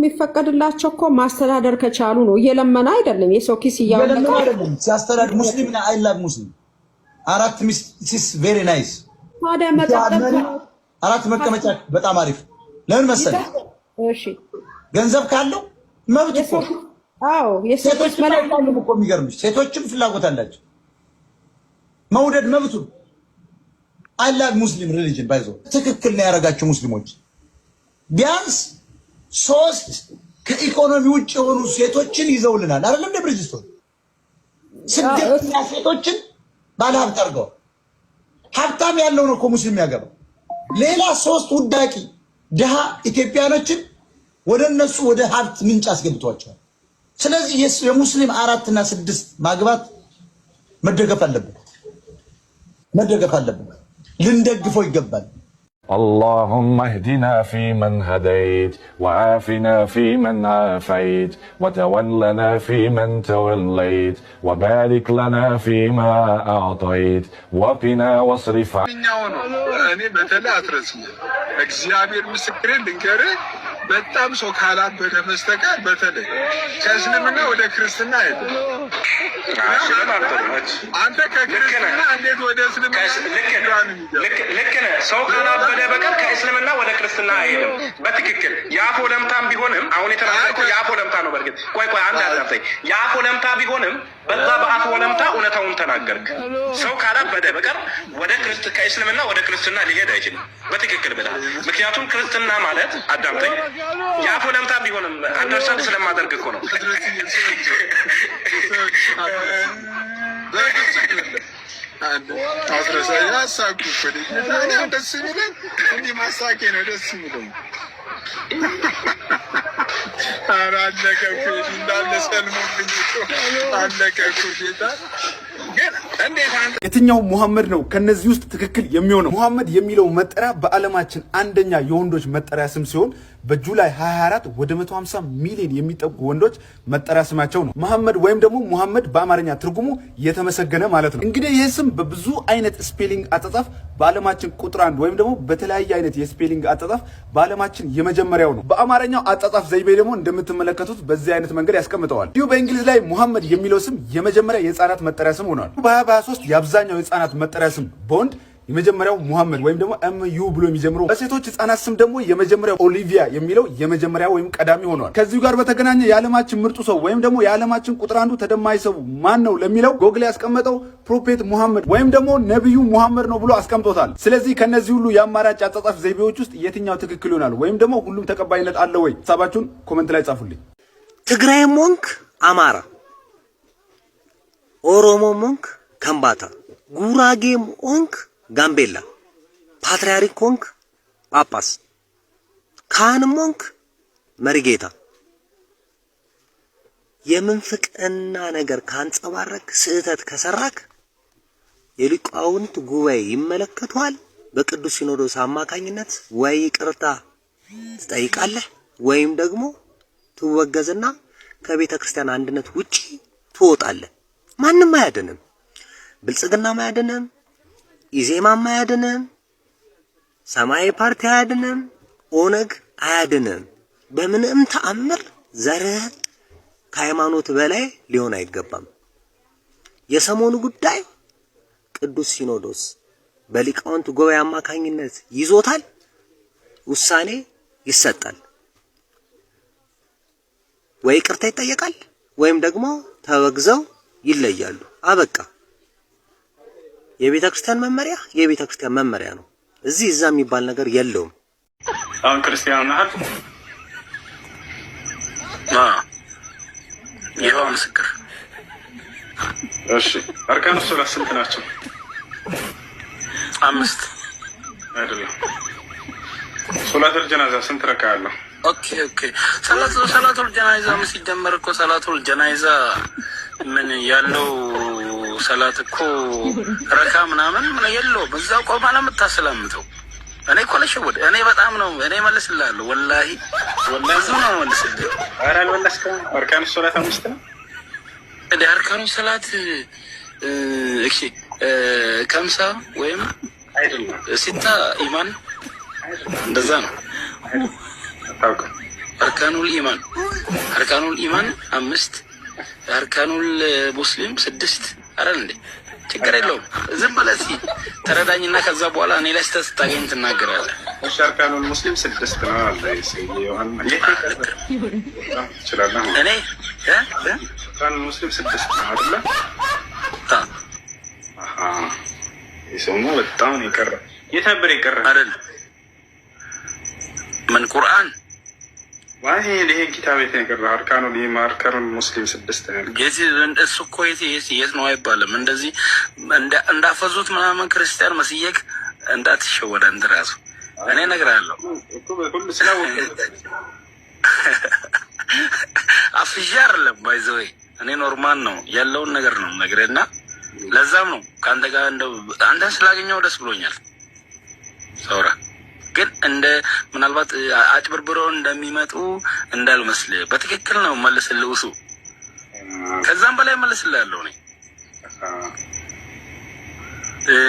የሚፈቀድላቸው እኮ ማስተዳደር ከቻሉ ነው። እየለመነ አይደለም፣ የሰው ኪስ እያለመነ አይደለም። ሲያስተዳድር ሙስሊም ሙስሊም አራት ቬሪ ናይስ። ታዲያ አራት መቀመጫ በጣም አሪፍ ለምን መሰለህ? እሺ ገንዘብ ካለው መብት እኮ አዎ፣ የሴቶች እኮ የሚገርምሽ፣ ሴቶችም ፍላጎት አላቸው መውደድ መብቱ። አላ ሙስሊም ሪሊጅን ባይዞ ትክክል ነው ያደረጋቸው ሙስሊሞች ቢያንስ ሶስት ከኢኮኖሚ ውጭ የሆኑ ሴቶችን ይዘውልናል። አይደለም እንደ ብሪጅስቶን ስደተኛ ሴቶችን ባለ ሀብት አድርገዋል። ሀብታም ያለው ነው እኮ ሙስሊም ያገባው። ሌላ ሶስት ውዳቂ ድሃ ኢትዮጵያኖችን ወደ እነሱ ወደ ሀብት ምንጭ አስገብተዋቸዋል። ስለዚህ የሙስሊም አራትና ስድስት ማግባት መደገፍ አለብን፣ መደገፍ አለብን፣ ልንደግፈው ይገባል። اللهم اهدنا فيمن هديت وعافنا فيمن عافيت وتولنا فيمن توليت وبارك لنا فيما أعطيت وقنا واصرف عنا أنا أترسم በጣም ሰው ካላበደ በስተቀር በተለይ ከእስልምና ወደ ክርስትና አይደለም። አንተ ከክርስትና እንዴት ወደ እስልምና ልክ ነህ። ሰው ካላበደ በቀር ከእስልምና ወደ ክርስትና አይሄድም። በትክክል የአፎ ለምታም ቢሆንም አሁን የተናገርኩት የአፎ ለምታ ነው። በእርግጥ ቆይ ቆይ አንድ አዳምጠኝ። የአፎ ለምታ ቢሆንም በዛ በአፍ ወለምታ እውነታውን ተናገርክ። ሰው ካላበደ በቀር ወደ ከእስልምና ወደ ክርስትና ሊሄድ አይችልም። በትክክል ብላ። ምክንያቱም ክርስትና ማለት አዳምጠኝ፣ የአፍ ወለምታ ቢሆንም አንደርስታንድ ስለማደርግ እኮ ነው። አስረሳይ ደስ የሚለን እንዲህ ማሳኬ ነው ደስ የሚለኝ ኧረ አለቀ እንዳለ ሰልሞብኝ ጌታ የትኛው ሙሐመድ ነው ከነዚህ ውስጥ ትክክል የሚሆነው? ሙሐመድ የሚለው መጠሪያ በዓለማችን አንደኛ የወንዶች መጠሪያ ስም ሲሆን በጁላይ 24 ወደ 150 ሚሊዮን የሚጠጉ ወንዶች መጠሪያ ስማቸው ነው። መሐመድ ወይም ደግሞ ሙሐመድ በአማርኛ ትርጉሙ የተመሰገነ ማለት ነው። እንግዲህ ይህ ስም በብዙ አይነት ስፔሊንግ አጻጻፍ በዓለማችን ቁጥር አንድ ወይም ደግሞ በተለያየ አይነት የስፔሊንግ አጻጻፍ በዓለማችን የመጀመሪያው ነው። በአማርኛው አጻጻፍ ዘይቤ ደግሞ እንደምትመለከቱት በዚህ አይነት መንገድ ያስቀምጠዋል። እንዲሁ በእንግሊዝ ላይ ሙሐመድ የሚለው ስም የመጀመሪያ የህፃናት መጠሪያ ስም ሆኗል። በ2023 የአብዛኛው የህፃናት መጠሪያ ስም በወንድ የመጀመሪያው ሙሐመድ ወይም ደግሞ ኤም ዩ ብሎ የሚጀምረው በሴቶች ህጻናት ስም ደግሞ የመጀመሪያው ኦሊቪያ የሚለው የመጀመሪያ ወይም ቀዳሚ ሆኗል። ከዚሁ ጋር በተገናኘ የዓለማችን ምርጡ ሰው ወይም ደግሞ የዓለማችን ቁጥር አንዱ ተደማጭ ሰው ማን ነው ለሚለው ጎግል ያስቀመጠው ፕሮፌት ሙሐመድ ወይም ደግሞ ነቢዩ ሙሐመድ ነው ብሎ አስቀምጦታል። ስለዚህ ከነዚህ ሁሉ የአማራጭ አጻጻፍ ዘይቤዎች ውስጥ የትኛው ትክክል ይሆናል ወይም ደግሞ ሁሉም ተቀባይነት አለ ወይ? ሀሳባችሁን ኮመንት ላይ ጻፉልኝ። ትግራይ ሞንክ አማራ፣ ኦሮሞ ሞንክ ከምባታ፣ ጉራጌ ሞንክ ጋምቤላ ፓትርያርክ ሆንክ ጳጳስ፣ ካህንም ሆንክ መሪጌታ የምንፍቅና ነገር ካንጸባረክ ስህተት ከሰራክ የሊቃውንት ጉባኤ ይመለከቷል። በቅዱስ ሲኖዶስ አማካኝነት ወይ ይቅርታ ትጠይቃለህ ወይም ደግሞ ትወገዝና ከቤተ ክርስቲያን አንድነት ውጪ ትወጣለህ። ማንም አያድንም፣ ብልጽግና አያድንም። ኢዜማም አያድንም፣ ሰማያዊ ፓርቲ አያድንም፣ ኦነግ አያድንም። በምንም ተአምር ዘርህ ከሃይማኖት በላይ ሊሆን አይገባም። የሰሞኑ ጉዳይ ቅዱስ ሲኖዶስ በሊቃውንት ጉባኤ አማካኝነት ይዞታል፣ ውሳኔ ይሰጣል። ወይ ቅርታ ይጠየቃል ወይም ደግሞ ተወግዘው ይለያሉ። አበቃ። የቤተ ክርስቲያን መመሪያ የቤተ ክርስቲያን መመሪያ ነው። እዚህ እዛ የሚባል ነገር የለውም። አሁን ክርስቲያን ናት ይኸው ምስክር። እሺ አርካኑ ሶላት ስንት ናቸው? አምስት አይደለም። ሶላተል ጀናዛ ስንት ረካ አለው? ኦኬ ኦኬ። ሰላቱል ጀናዛ ሲጀመር እኮ ሰላቱል ጀናዛ ምን ያለው ሰላት እኮ ረካ ምናምን የለውም። እዛው ቆማ ነው የምታስላምተው። እኔ እኮ ለሸወደ እኔ በጣም ነው እኔ መልስላለሁ። ወላሂ ወላሂ ነው መልስልህ። ኧረ አልመለስክም። አርካኑ ሰላት አምስት ነው እንደ አርካኑ ሰላት እሺ፣ ከምሳ ወይም አይደለም ሲታ ኢማን እንደዛ ነው። አርካኑል ኢማን አርካኑል ኢማን አምስት አርካኑል ሙስሊም ስድስት አረ እንዴ? ችግር የለውም። ዝም ብለህ ተረዳኝና ከዛ በኋላ እኔ ላይ ስህተት ስታገኝ ትናገራለህ። እሺ፣ ሙስሊም ስድስት ነው አለ እኔ አርካኑል ሙስሊም ስድስት ነው አይደለ? የሰውማ በጣም የቀረ የት ነበር የቀረ አይደል? ምን ቁርአን ዋይ ይሄን ኪታብ የት ነው የቀረ? አርካኑ ሙስሊም ስድስት ነው። እሱ እኮ የት ነው አይባልም። እንደዚህ እንዳፈዙት ምናምን ክርስቲያን መስየቅ እንዳትሸወደ እንትን እኔ እነግርሃለሁ አፍዣ አይደለም እኔ ኖርማል ነው ያለውን ነገር ነው እና ለዛም ነው ከአንተ ጋር አንተን ስላገኘው ደስ ብሎኛል ሰውራ ግን እንደ ምናልባት አጭበርብረው እንደሚመጡ እንዳልመስል በትክክል ነው መልስልህ። ውሱ ከዛም በላይ መልስልህ ያለው እኔ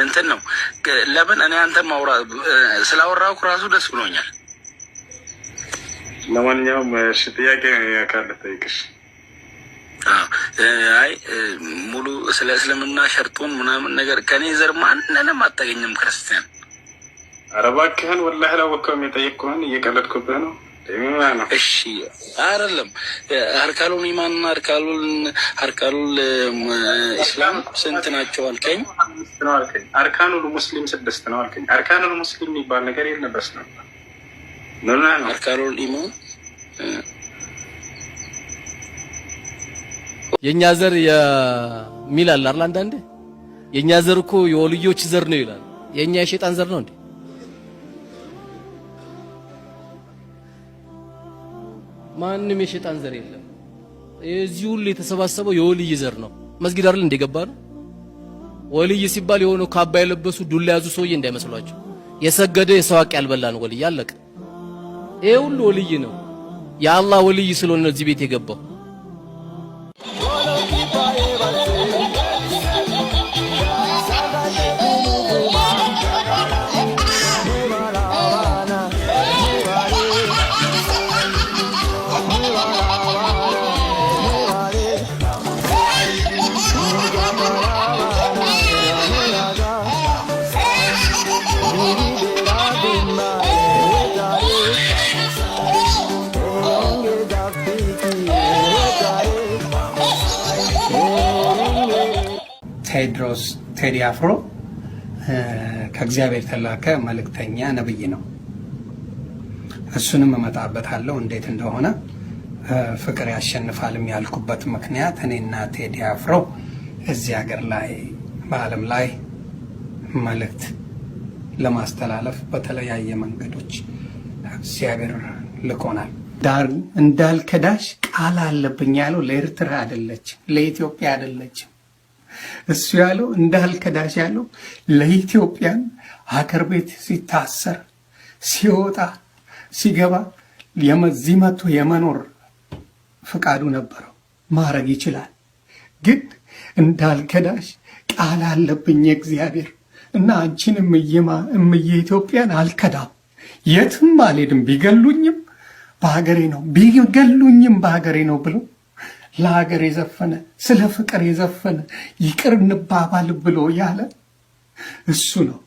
እንትን ነው። ለምን እኔ አንተ ማውራ ስላወራሁ ራሱ ደስ ብሎኛል። ለማንኛውም እሺ፣ ጥያቄ ካለ ጠይቅሽ። አይ ሙሉ ስለ እስልምና ሸርጡን ምናምን ነገር ከኔ ዘር ማንንም አታገኝም ክርስቲያን ኧረ እባክህን ወላሂ አላወቅኸውም። የጠየቅኩህን እየቀለድኩብህ ነው። እሺ አይደለም። አርካሉን ኢማንና አርካሉን አርካሉል ኢስላም ስንት ናቸው አልከኝ? አርካኑል ሙስሊም ስድስት ነው አልከኝ። አርካኑል ሙስሊም የሚባል ነገር የለም። በስመ አብ አርካኑል ኢማን የእኛ ዘር የሚል አለ አይደል? አንዳንዴ የእኛ ዘር እኮ የወልዮች ዘር ነው ይላል። የእኛ የሸጣን ዘር ነው እንዴ? ማንም የሸጣን ዘር የለም። የዚህ ሁሉ የተሰባሰበው የወልይ ዘር ነው። መስጊድ አይደል እንደገባ ነው። ወልይ ሲባል የሆነ ካባ የለበሱ ዱላ ያዙ ሰውዬ እንዳይመስሏቸው። የሰገደ የሰው አቅ ያልበላን ወልይ አለቀ። ይሄ ሁሉ ወልይ ነው። የአላህ ወልይ ስለሆነ እዚህ ቤት የገባው ቴድሮስ ቴዲ አፍሮ ከእግዚአብሔር የተላከ መልእክተኛ ነብይ ነው። እሱንም እመጣበታለሁ እንዴት እንደሆነ ፍቅር ያሸንፋልም ያልኩበት ምክንያት እኔና ቴዲ አፍሮ እዚህ ሀገር ላይ በዓለም ላይ መልእክት ለማስተላለፍ በተለያየ መንገዶች እግዚአብሔር ልኮናል። እንዳልከዳሽ ቃል አለብኝ ያለው ለኤርትራ አይደለችም፣ ለኢትዮጵያ አይደለችም እሱ ያለው እንዳልከዳሽ ያለው ለኢትዮጵያን ሀገር ቤት ሲታሰር ሲወጣ ሲገባ የመዚህ መቶ የመኖር ፍቃዱ ነበረው። ማድረግ ይችላል። ግን እንዳልከዳሽ ቃል አለብኝ እግዚአብሔር እና አንቺን እምዬ ኢትዮጵያን አልከዳም፣ የትም አልሄድም፣ ቢገሉኝም በሀገሬ ነው፣ ቢገሉኝም በሀገሬ ነው ብሎ ለሀገር የዘፈነ ስለ ፍቅር የዘፈነ ይቅር እንባባል ብሎ ያለ እሱ ነው።